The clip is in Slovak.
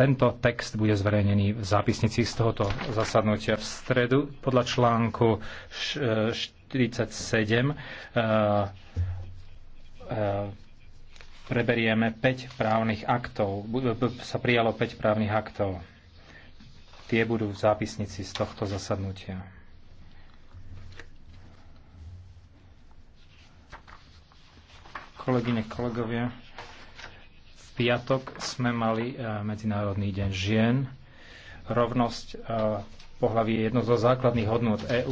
Tento text bude zverejnený v zápisnici z tohoto zasadnutia v stredu podľa článku 47 eh, eh, eh, preberieme 5 právnych aktov. Sa prijalo 5 právnych aktov. Tie budú v zápisnici z tohto zasadnutia. Kolegyne, kolegovia piatok sme mali e, Medzinárodný deň žien. Rovnosť e, pohľavy je jedno zo základných hodnot EÚ.